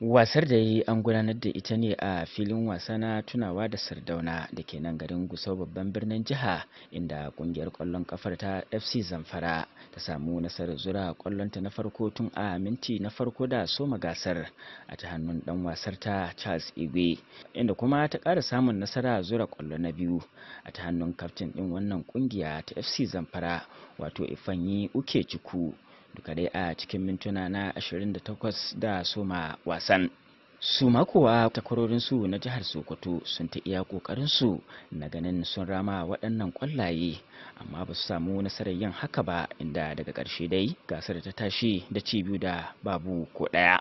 wasar da yi an gudanar da ita ne a filin wasa na tunawa da sardauna da ke nan garin gusau babban birnin jiha inda kungiyar kwallon kafar ta fc zamfara ta samu nasarar zura kwallonta na farko tun a minti na farko da soma gasar a ta hannun dan wasar ta charles igwe inda kuma ta kara samun nasara zura kwallo na biyu a ta hannun kaftin din wannan kungiya ta fc zamfara wato ifanyi uke ciku duka dai a cikin mintuna na 28 da soma wasan su makowa takwarorinsu na jihar sokoto sun ta iya kokarinsu na ganin sun rama waɗannan ƙwallaye amma ba su samu nasarar yin haka ba inda daga ƙarshe dai gasar ta tashi da ci biyu da babu ko ɗaya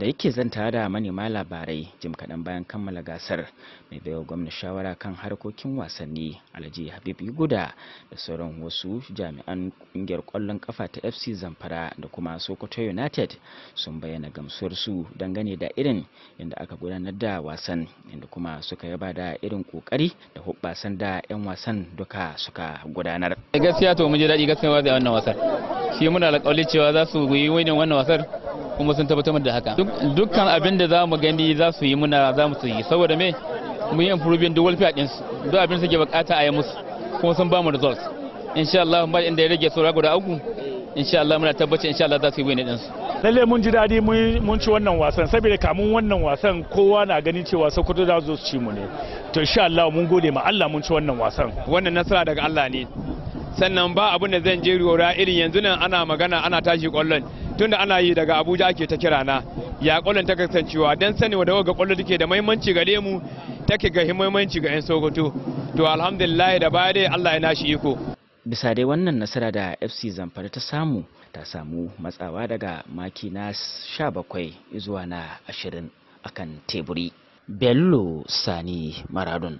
da yake zanta da manema labarai jim kaɗan bayan kammala gasar mai baiwa gwamna shawara kan harkokin wasanni alhaji habib guda da sauran wasu jami'an ƙungiyar kwallon ƙafa ta fc zamfara da kuma sokoto united sun bayyana gamsuwarsu dangane da irin inda aka gudanar da wasan inda kuma suka yaba da irin ƙoƙari da hubbasan da 'yan wasan duka suka gudanar eh, gaskiya to mun ji daɗi gaskiya wannan wasan su yi muna alƙawali cewa za su yi wani wannan wasar kuma sun tabbatar da haka dukkan abin da za mu gani za su yi muna za mu yi saboda me mu yi improving the welfare din su duk abin da suke bukata a yi musu kuma sun ba mu results insha Allah ba inda ya rage saura guda uku insha Allah muna tabbaci insha Allah za su yi wani din su lalle mun ji daɗi mun ci wannan wasan saboda kamun wannan wasan kowa na ganin cewa Sokoto za su ci mu ne to insha Allah mun gode ma Allah mun ci wannan wasan wannan nasara daga Allah ne sannan ba abin da zan je rora irin yanzu nan ana magana ana tashi kwallon tunda ana yi daga abuja ake ta kira na ya kwallon ta kasancewa don sani wa daga kwallo take da mahimmanci gare mu take ga mahimmanci ga yan sokoto to alhamdulillah da baya dai allah ya nashi iko bisa dai wannan nasara da fc zamfara ta samu ta samu matsawa daga maki na 17 zuwa na 20 akan teburi bello sani maradon